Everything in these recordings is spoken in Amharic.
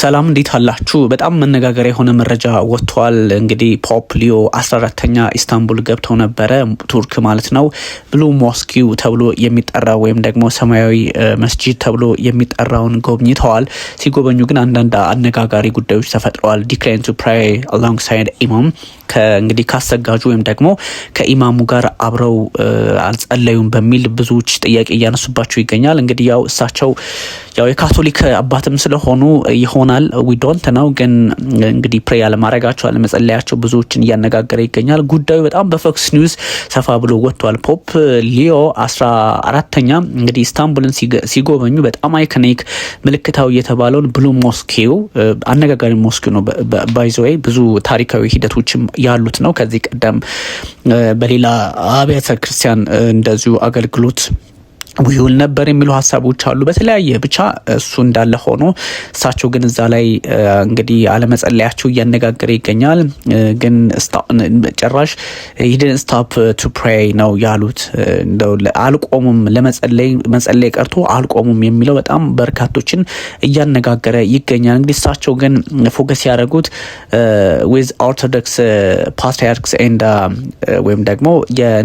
ሰላም እንዴት አላችሁ? በጣም መነጋገሪያ የሆነ መረጃ ወጥቷል። እንግዲህ ፖፕ ሊዮ 14ተኛ ኢስታንቡል ገብተው ነበረ፣ ቱርክ ማለት ነው። ብሉ ሞስኪው ተብሎ የሚጠራ ወይም ደግሞ ሰማያዊ መስጂድ ተብሎ የሚጠራውን ጎብኝተዋል። ሲጎበኙ ግን አንዳንድ አነጋጋሪ ጉዳዮች ተፈጥረዋል። ዲክላይን ቱ ፕራይ አሎንግ ኢማም እንግዲህ ካሰጋጁ ወይም ደግሞ ከኢማሙ ጋር አብረው አልጸለዩም በሚል ብዙዎች ጥያቄ እያነሱባቸው ይገኛል። እንግዲህ ያው እሳቸው ያው የካቶሊክ አባትም ስለሆኑ የሆነ ይሆናል ዊ ዶንት ነው። ግን እንግዲህ ፕሬ አለማድረጋቸው አለመጸለያቸው ብዙዎችን እያነጋገረ ይገኛል። ጉዳዩ በጣም በፎክስ ኒውስ ሰፋ ብሎ ወጥቷል። ፖፕ ሊዮ አስራ አራተኛ እንግዲህ ኢስታንቡልን ሲጎበኙ በጣም አይኮኒክ ምልክታዊ የተባለውን ብሉ ሞስኬው አነጋጋሪ ሞስኬው ነው። ባይዘወይ ብዙ ታሪካዊ ሂደቶችም ያሉት ነው። ከዚህ ቀደም በሌላ አብያተ ክርስቲያን እንደዚሁ አገልግሎት ውይውል ነበር የሚሉ ሀሳቦች አሉ። በተለያየ ብቻ እሱ እንዳለ ሆኖ እሳቸው ግን እዛ ላይ እንግዲህ አለመጸለያቸው እያነጋገረ ይገኛል። ግን ጭራሽ ሂድን ስታፕ ቱ ፕሬይ ነው ያሉት። አልቆሙም ለመጸለይ መጸለይ ቀርቶ አልቆሙም የሚለው በጣም በርካቶችን እያነጋገረ ይገኛል። እንግዲህ እሳቸው ግን ፎከስ ያደረጉት ዊዝ ኦርቶዶክስ ፓትሪያርክስ ኤንድ ወይም ደግሞ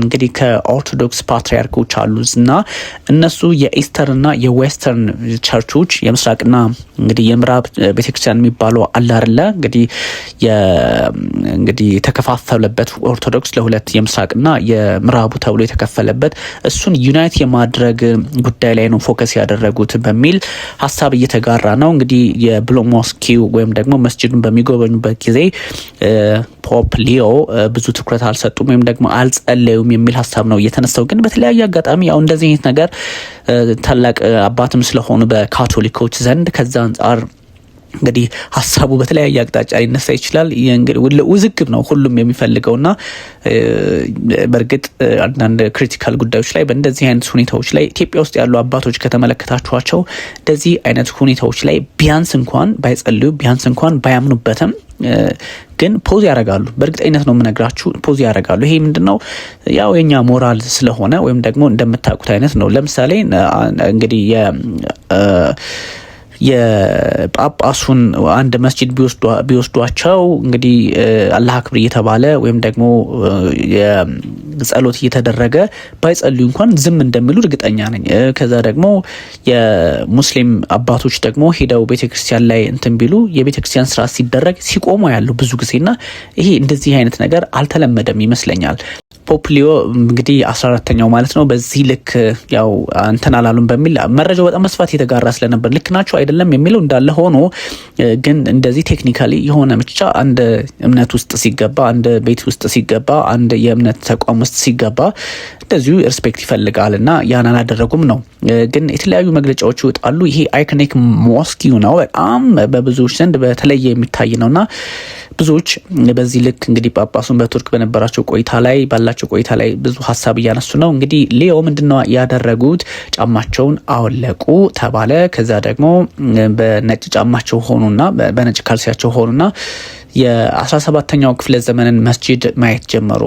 እንግዲህ ከኦርቶዶክስ ፓትሪያርኮች አሉ እና እነሱ የኢስተርና የዌስተርን ቸርቾች የምስራቅና እንግዲህ የምዕራብ ቤተክርስቲያን የሚባለው አላርለ እንግዲህ እንግዲህ የተከፋፈለበት ኦርቶዶክስ ለሁለት የምስራቅና የምዕራቡ ተብሎ የተከፈለበት እሱን ዩናይት የማድረግ ጉዳይ ላይ ነው ፎከስ ያደረጉት በሚል ሀሳብ እየተጋራ ነው። እንግዲህ የብሎሞስኪው ወይም ደግሞ መስጅዱን በሚጎበኙበት ጊዜ ፖፕ ሊዮ ብዙ ትኩረት አልሰጡም ወይም ደግሞ አልጸለዩም የሚል ሀሳብ ነው እየተነሳው። ግን በተለያየ አጋጣሚ ያው እንደዚህ አይነት ነገር ታላቅ አባትም ስለሆኑ በካቶሊኮች ዘንድ ከዛ አንጻር እንግዲህ ሀሳቡ በተለያየ አቅጣጫ ሊነሳ ይችላል። ውዝግብ ነው ሁሉም የሚፈልገውና በእርግጥ አንዳንድ ክሪቲካል ጉዳዮች ላይ በእንደዚህ አይነት ሁኔታዎች ላይ ኢትዮጵያ ውስጥ ያሉ አባቶች ከተመለከታችኋቸው እንደዚህ አይነት ሁኔታዎች ላይ ቢያንስ እንኳን ባይጸልዩ ቢያንስ እንኳን ባያምኑበትም ግን ፖዝ ያደርጋሉ። በእርግጠኝነት ነው የምነግራችሁ፣ ፖዝ ያደርጋሉ። ይሄ ምንድን ነው? ያው የኛ ሞራል ስለሆነ ወይም ደግሞ እንደምታውቁት አይነት ነው። ለምሳሌ እንግዲህ የጳጳሱን አንድ መስጂድ ቢወስዷቸው እንግዲህ አላህ አክብር እየተባለ ወይም ደግሞ ጸሎት እየተደረገ ባይጸልዩ እንኳን ዝም እንደሚሉ እርግጠኛ ነኝ። ከዛ ደግሞ የሙስሊም አባቶች ደግሞ ሄደው ቤተክርስቲያን ላይ እንትን ቢሉ የቤተክርስቲያን ስርዓት ሲደረግ ሲቆሙ ያሉ ብዙ ጊዜና ይሄ እንደዚህ አይነት ነገር አልተለመደም ይመስለኛል። ፖፕሊዮ እንግዲህ አስራ አራተኛው ማለት ነው። በዚህ ልክ ያው እንትን አላሉም በሚል መረጃው በጣም በስፋት የተጋራ ስለነበር ልክ ናቸው አይደለም የሚለው እንዳለ ሆኖ ግን እንደዚህ ቴክኒካሊ የሆነ ብቻ አንድ እምነት ውስጥ ሲገባ፣ አንድ ቤት ውስጥ ሲገባ፣ አንድ የእምነት ተቋም ውስጥ ሲገባ እንደዚሁ ሪስፔክት ይፈልጋል እና ያን አላደረጉም ነው። ግን የተለያዩ መግለጫዎች ይወጣሉ። ይሄ አይኮኒክ ሞስኪው ነው፣ በጣም በብዙዎች ዘንድ በተለየ የሚታይ ነው እና ብዙዎች በዚህ ልክ እንግዲህ ጳጳሱን በቱርክ በነበራቸው ቆይታ ላይ ባላቸው በነበራቸው ቆይታ ላይ ብዙ ሀሳብ እያነሱ ነው። እንግዲህ ሌዮ ምንድነው ያደረጉት? ጫማቸውን አወለቁ ተባለ። ከዛ ደግሞ በነጭ ጫማቸው ሆኑና በነጭ ካልሲያቸው ሆኑና የ17ኛው ክፍለ ዘመንን መስጂድ ማየት ጀመሩ።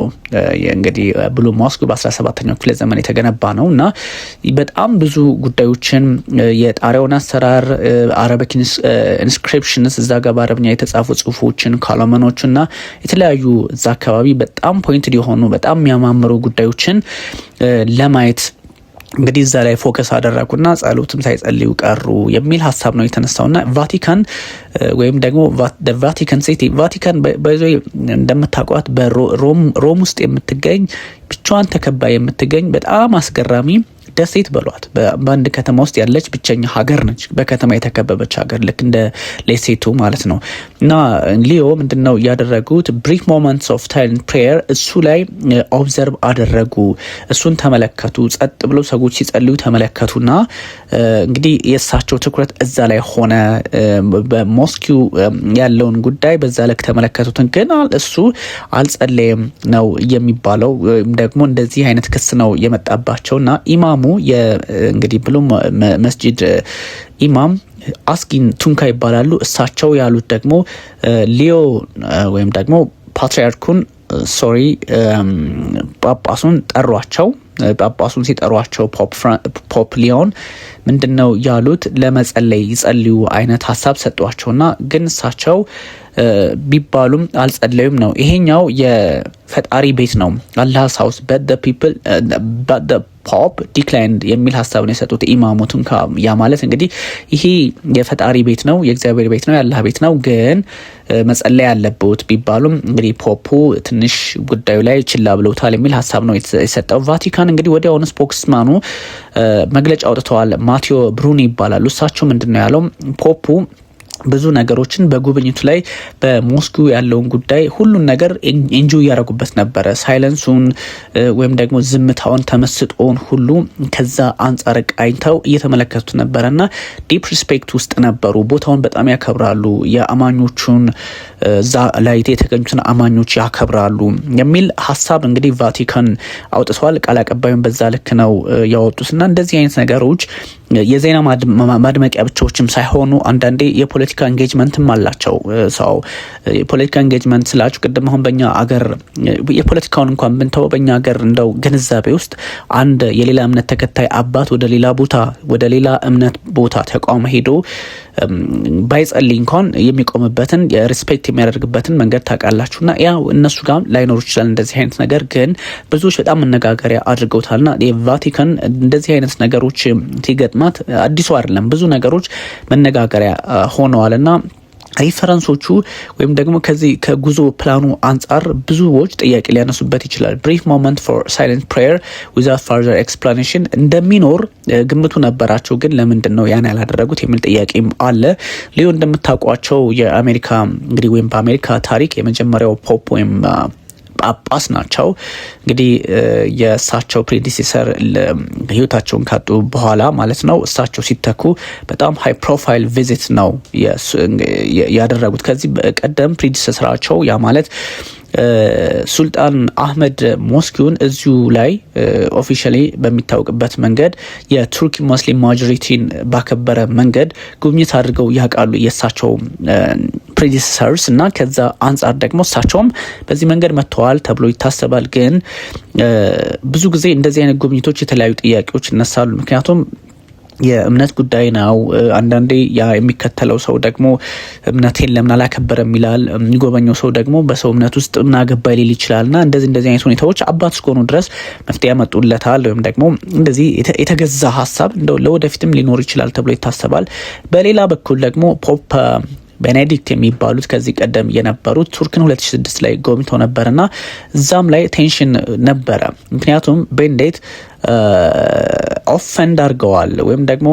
እንግዲህ ብሉ ሞስክ በ17ኛው ክፍለ ዘመን የተገነባ ነው እና በጣም ብዙ ጉዳዮችን የጣሪያውን አሰራር አረበክ ኢንስክሪፕሽንስ እዛ ጋር በአረብኛ የተጻፉ ጽሁፎችን ካሎመኖች እና የተለያዩ እዛ አካባቢ በጣም ፖይንትድ የሆኑ በጣም የሚያማምሩ ጉዳዮችን ለማየት እንግዲህ እዛ ላይ ፎከስ አደረጉና ጸሎትም ሳይጸልዩ ቀሩ የሚል ሀሳብ ነው የተነሳውና ቫቲካን ወይም ደግሞ ቫቲካን ሲቲ ቫቲካን በዞ እንደምታውቋት በሮም ውስጥ የምትገኝ ብቻዋን ተከባይ የምትገኝ በጣም አስገራሚ ደሴት በሏት በአንድ ከተማ ውስጥ ያለች ብቸኛ ሀገር ነች። በከተማ የተከበበች ሀገር ልክ እንደ ሌሴቱ ማለት ነው። እና ሊዮ ምንድነው ያደረጉት? ብሪፍ ሞመንትስ ኦፍ ታይለንት ፕሬየር እሱ ላይ ኦብዘርቭ አደረጉ። እሱን ተመለከቱ። ጸጥ ብሎ ሰዎች ሲጸልዩ ተመለከቱና እንግዲህ የእሳቸው ትኩረት እዛ ላይ ሆነ። በሞስኪው ያለውን ጉዳይ በዛ ልክ ተመለከቱትን። ግን እሱ አልጸለየም ነው የሚባለው። ደግሞ እንደዚህ አይነት ክስ ነው እና ኢማሙ እንግዲህ ብሎ መስጂድ ኢማም አስኪን ቱንካ ይባላሉ። እሳቸው ያሉት ደግሞ ሊዮ ወይም ደግሞ ፓትሪያርኩን ሶሪ ጳጳሱን ጠሯቸው። ጳጳሱን ሲጠሯቸው ፖፕ ሊዮን ምንድን ነው ያሉት? ለመጸለይ ይጸልዩ አይነት ሀሳብ ሰጧቸውና ግን እሳቸው ቢባሉም አልጸለዩም ነው። ይሄኛው የፈጣሪ ቤት ነው። አላህስ ሀውስ ፒፕል ፖፕ ዲክላይን የሚል ሀሳብ ነው የሰጡት ኢማሙቱን። ያ ማለት እንግዲህ ይሄ የፈጣሪ ቤት ነው፣ የእግዚአብሔር ቤት ነው፣ የአላህ ቤት ነው፣ ግን መጸለይ ያለበት ቢባሉም እንግዲህ ፖፑ ትንሽ ጉዳዩ ላይ ችላ ብለውታል የሚል ሀሳብ ነው የሰጠው። ቫቲካን እንግዲህ ወዲያውኑ ስፖክስማኑ መግለጫ አውጥተዋል። ማቴዎ ብሩኒ ይባላሉ። እሳቸው ምንድን ነው ያለው ፖፑ ብዙ ነገሮችን በጉብኝቱ ላይ በሞስኩ ያለውን ጉዳይ ሁሉን ነገር ኤንጆይ እያደረጉበት ነበረ። ሳይለንሱን ወይም ደግሞ ዝምታውን፣ ተመስጦውን ሁሉ ከዛ አንጻር ቃኝተው እየተመለከቱት ነበረ እና ዲፕ ሪስፔክት ውስጥ ነበሩ። ቦታውን በጣም ያከብራሉ። የአማኞቹን እዛ ላይ የተገኙትን አማኞች ያከብራሉ የሚል ሀሳብ እንግዲህ ቫቲካን አውጥተዋል። ቃል አቀባዩን በዛ ልክ ነው ያወጡት እና እንደዚህ አይነት ነገሮች የዜና ማድመቂያ ብቻዎችም ሳይሆኑ አንዳንዴ የፖለ የፖለቲካ ኤንጌጅመንትም አላቸው። ሰው የፖለቲካ ኢንጌጅመንት ስላችሁ ቅድም አሁን በኛ አገር የፖለቲካውን እንኳን ብንተው በኛ ሀገር እንደው ግንዛቤ ውስጥ አንድ የሌላ እምነት ተከታይ አባት ወደ ሌላ ቦታ ወደ ሌላ እምነት ቦታ ተቋም ሄዶ ባይጸልይ እንኳን የሚቆምበትን ሪስፔክት የሚያደርግበትን መንገድ ታውቃላችሁና ያው እነሱ ጋር ላይኖሩ ይችላል እንደዚህ አይነት ነገር ግን ብዙዎች በጣም መነጋገሪያ አድርገውታልና የቫቲካን እንደዚህ አይነት ነገሮች ሲገጥማት አዲሱ አይደለም። ብዙ ነገሮች መነጋገሪያ ሆነዋል ና ሪፈረንሶቹ ወይም ደግሞ ከዚህ ከጉዞ ፕላኑ አንጻር ብዙዎች ጥያቄ ሊያነሱበት ይችላል። ብሪፍ ሞመንት ፎር ሳይለንት ፕሬየር ዊዛት ፋርዘር ኤክስፕላኔሽን እንደሚኖር ግምቱ ነበራቸው፣ ግን ለምንድን ነው ያን ያላደረጉት የሚል ጥያቄም አለ። ሊዮ እንደምታውቋቸው የአሜሪካ እንግዲህ ወይም በአሜሪካ ታሪክ የመጀመሪያው ፖፕ ወይም ጳጳስ ናቸው። እንግዲህ የእሳቸው ፕሬዲሴሰር ህይወታቸውን ካጡ በኋላ ማለት ነው እሳቸው ሲተኩ በጣም ሃይ ፕሮፋይል ቪዚት ነው ያደረጉት። ከዚህ ቀደም ፕሬዲሴሰራቸው ያ ማለት ሱልጣን አህመድ ሞስኪውን እዚሁ ላይ ኦፊሻሊ በሚታወቅበት መንገድ የቱርክ ሙስሊም ማጆሪቲን ባከበረ መንገድ ጉብኝት አድርገው ያውቃሉ የእሳቸው ፕሬዲሰርስ እና ከዛ አንጻር ደግሞ እሳቸውም በዚህ መንገድ መጥተዋል ተብሎ ይታሰባል። ግን ብዙ ጊዜ እንደዚህ አይነት ጉብኝቶች የተለያዩ ጥያቄዎች ይነሳሉ። ምክንያቱም የእምነት ጉዳይ ነው። አንዳንዴ ያ የሚከተለው ሰው ደግሞ እምነቴን ለምን አላከበረም ይላል። የሚጎበኘው ሰው ደግሞ በሰው እምነት ውስጥ ምን አገባ ሊል ይችላል። እና እንደዚህ እንደዚህ አይነት ሁኔታዎች አባት እስከሆኑ ድረስ መፍትሄ ያመጡለታል። ወይም ደግሞ እንደዚህ የተገዛ ሀሳብ እንደው ለወደፊትም ሊኖር ይችላል ተብሎ ይታሰባል። በሌላ በኩል ደግሞ ፖፕ ቤኔዲክት የሚባሉት ከዚህ ቀደም የነበሩት ቱርክን 2006 ላይ ጎብኝተው ነበርና እዛም ላይ ቴንሽን ነበረ። ምክንያቱም ቤንዴት ኦፈንድ አድርገዋል ወይም ደግሞ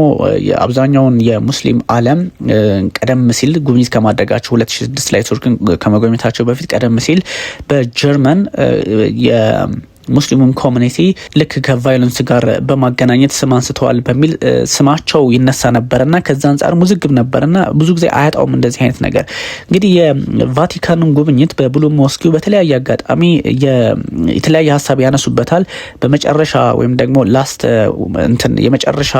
አብዛኛውን የሙስሊም ዓለም ቀደም ሲል ጉብኝት ከማድረጋቸው 2006 ላይ ቱርክን ከመጎብኘታቸው በፊት ቀደም ሲል በጀርመን ሙስሊሙም ኮሚኒቲ ልክ ከቫዮለንስ ጋር በማገናኘት ስም አንስተዋል በሚል ስማቸው ይነሳ ነበር እና ከዛ አንጻር ውዝግብ ና ብዙ ጊዜ አያጣውም እንደዚህ አይነት ነገር። እንግዲህ የቫቲካንን ጉብኝት በብሉ ሞስኪው በተለያየ አጋጣሚ የተለያየ ሀሳብ ያነሱበታል። በመጨረሻ ወይም ደግሞ ላስት እንትን የመጨረሻ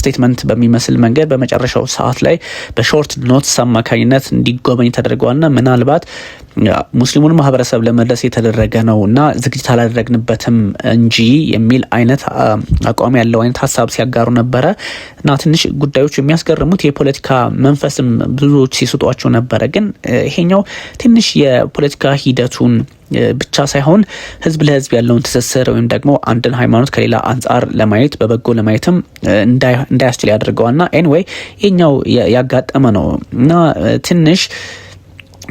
ስቴትመንት በሚመስል መንገድ በመጨረሻው ሰዓት ላይ በሾርት ኖትስ አማካኝነት እንዲጎበኝ ተደርገዋልና ምናልባት ሙስሊሙን ማህበረሰብ ለመድረስ የተደረገ ነው እና ዝግጅት አላደረግንበትም እንጂ የሚል አይነት አቋም ያለው አይነት ሀሳብ ሲያጋሩ ነበረ እና ትንሽ ጉዳዮች የሚያስገርሙት የፖለቲካ መንፈስም ብዙዎች ሲስጧቸው ነበረ። ግን ይሄኛው ትንሽ የፖለቲካ ሂደቱን ብቻ ሳይሆን ህዝብ ለህዝብ ያለውን ትስስር ወይም ደግሞ አንድን ሃይማኖት ከሌላ አንጻር ለማየት በበጎ ለማየትም እንዳያስችል ያደርገዋል ና ኤኒዌይ ይህኛው ያጋጠመ ነው እና ትንሽ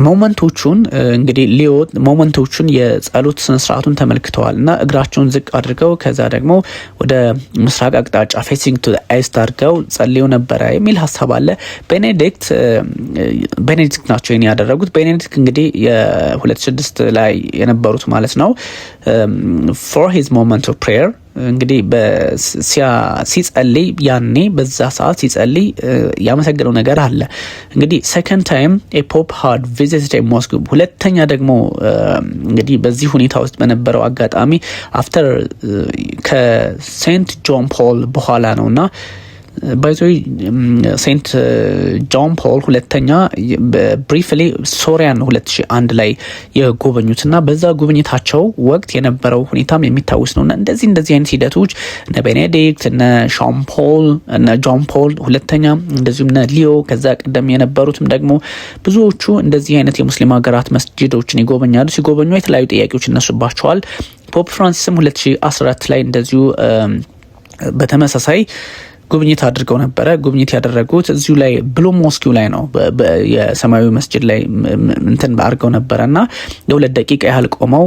ሞመንቶቹን እንግዲህ ሊዮ ሞመንቶቹን የጸሎት ስነስርዓቱን ተመልክተዋል እና እግራቸውን ዝቅ አድርገው ከዛ ደግሞ ወደ ምስራቅ አቅጣጫ ፌሲንግ ቱ አይስት አድርገው ጸልዩ ነበረ የሚል ሀሳብ አለ። ቤኔዲክት ቤኔዲክት ናቸው ይህን ያደረጉት። ቤኔዲክት እንግዲህ የ2006 ላይ የነበሩት ማለት ነው ፎር ሂዝ ሞመንት ኦፍ ፕሬየር እንግዲህ ሲጸልይ ያኔ በዛ ሰዓት ሲጸልይ ያመሰግነው ነገር አለ። እንግዲህ ሰከንድ ታይም ፖፕ ሃርድ ቪዚት ሞስኩ፣ ሁለተኛ ደግሞ እንግዲህ በዚህ ሁኔታ ውስጥ በነበረው አጋጣሚ አፍተር ከሴንት ጆን ፖል በኋላ ነው እና ባይዞ ሴንት ጆን ፖል ሁለተኛ ብሪፍሊ ሶሪያን 201 ላይ የጎበኙት እና በዛ ጉብኝታቸው ወቅት የነበረው ሁኔታም የሚታወስ ነውና እንደዚህ እንደዚህ አይነት ሂደቶች እነ ቤኔዲክት እነ ሾን ፖል እነ ጆን ፖል ሁለተኛ እንደዚሁም እነ ሊዮ ከዛ ቀደም የነበሩትም ደግሞ ብዙዎቹ እንደዚህ አይነት የሙስሊም ሀገራት መስጅዶችን ይጎበኛሉ። ሲጎበኙ የተለያዩ ጥያቄዎች ይነሱባቸዋል። ፖፕ ፍራንሲስም 2014 ላይ እንደዚሁ በተመሳሳይ ጉብኝት አድርገው ነበረ። ጉብኝት ያደረጉት እዚሁ ላይ ብሎ ሞስኪው ላይ ነው። የሰማያዊ መስጅድ ላይ እንትን አድርገው ነበረ እና የሁለት ደቂቃ ያህል ቆመው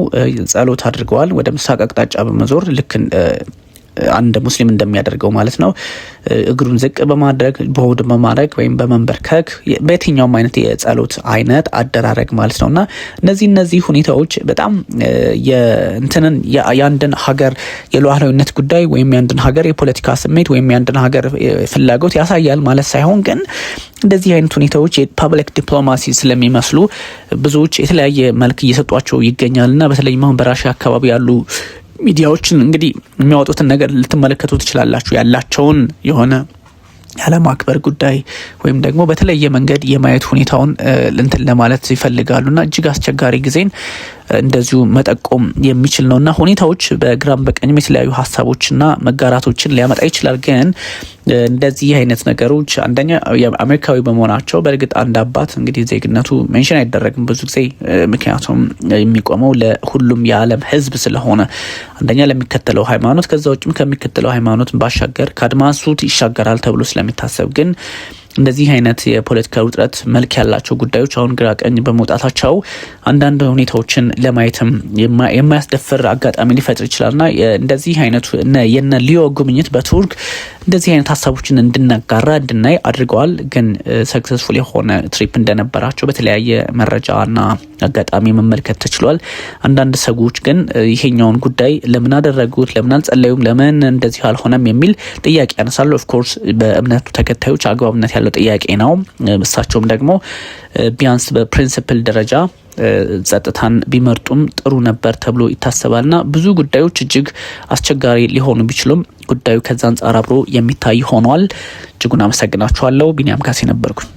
ጸሎት አድርገዋል። ወደ ምስራቅ አቅጣጫ በመዞር ልክ አንድ ሙስሊም እንደሚያደርገው ማለት ነው። እግሩን ዝቅ በማድረግ በሆድ በማድረግ ወይም በመንበርከክ በየትኛውም አይነት የጸሎት አይነት አደራረግ ማለት ነው እና እነዚህ እነዚህ ሁኔታዎች በጣም የእንትንን የአንድን ሀገር የሉዓላዊነት ጉዳይ ወይም የአንድን ሀገር የፖለቲካ ስሜት ወይም የአንድን ሀገር ፍላጎት ያሳያል ማለት ሳይሆን ግን እንደዚህ አይነት ሁኔታዎች የፐብሊክ ዲፕሎማሲ ስለሚመስሉ ብዙዎች የተለያየ መልክ እየሰጧቸው ይገኛል እና በተለይ አሁን በራሽያ አካባቢ ያሉ ሚዲያዎችን እንግዲህ የሚያወጡትን ነገር ልትመለከቱ ትችላላችሁ። ያላቸውን የሆነ ያለማክበር ጉዳይ ወይም ደግሞ በተለየ መንገድ የማየት ሁኔታውን እንትን ለማለት ይፈልጋሉ እና እጅግ አስቸጋሪ ጊዜን እንደዚሁ መጠቆም የሚችል ነው እና ሁኔታዎች በግራም በቀኝም የተለያዩ ሀሳቦችና መጋራቶችን ሊያመጣ ይችላል። ግን እንደዚህ አይነት ነገሮች አንደኛ አሜሪካዊ በመሆናቸው በእርግጥ አንድ አባት እንግዲህ ዜግነቱ ሜንሽን አይደረግም ብዙ ጊዜ ምክንያቱም የሚቆመው ለሁሉም የዓለም ሕዝብ ስለሆነ አንደኛ ለሚከተለው ሃይማኖት ከዛ ውጭም ከሚከተለው ሃይማኖት ባሻገር ከአድማሱት ይሻገራል ተብሎ ስለሚታሰብ ግን እንደዚህ አይነት የፖለቲካ ውጥረት መልክ ያላቸው ጉዳዮች አሁን ግራ ቀኝ በመውጣታቸው አንዳንድ ሁኔታዎችን ለማየትም የማያስደፍር አጋጣሚ ሊፈጥር ይችላልና እንደዚህ አይነቱ የነ ሊዮ ጉብኝት በቱርክ እንደዚህ አይነት ሀሳቦችን እንድናጋራ እንድናይ አድርገዋል። ግን ሰክሰስፉል የሆነ ትሪፕ እንደነበራቸው በተለያየ ና አጋጣሚ መመልከት ተችሏል። አንዳንድ ሰዎች ግን ይሄኛውን ጉዳይ ለምን አደረጉት፣ ለምን አልጸለዩም፣ ለምን እንደዚህ አልሆነም የሚል ጥያቄ ያነሳሉ። ኦፍኮርስ በእምነቱ ተከታዮች አግባብነት ያለው ጥያቄ ነው። እሳቸውም ደግሞ ቢያንስ በፕሪንስፕል ደረጃ ጸጥታን ቢመርጡም ጥሩ ነበር ተብሎ ይታሰባል ና ብዙ ጉዳዮች እጅግ አስቸጋሪ ሊሆኑ ቢችሉም ጉዳዩ ከዛ አንጻር አብሮ የሚታይ ሆኗል። እጅጉን አመሰግናችኋለሁ። ቢኒያም ካሴ ነበርኩኝ።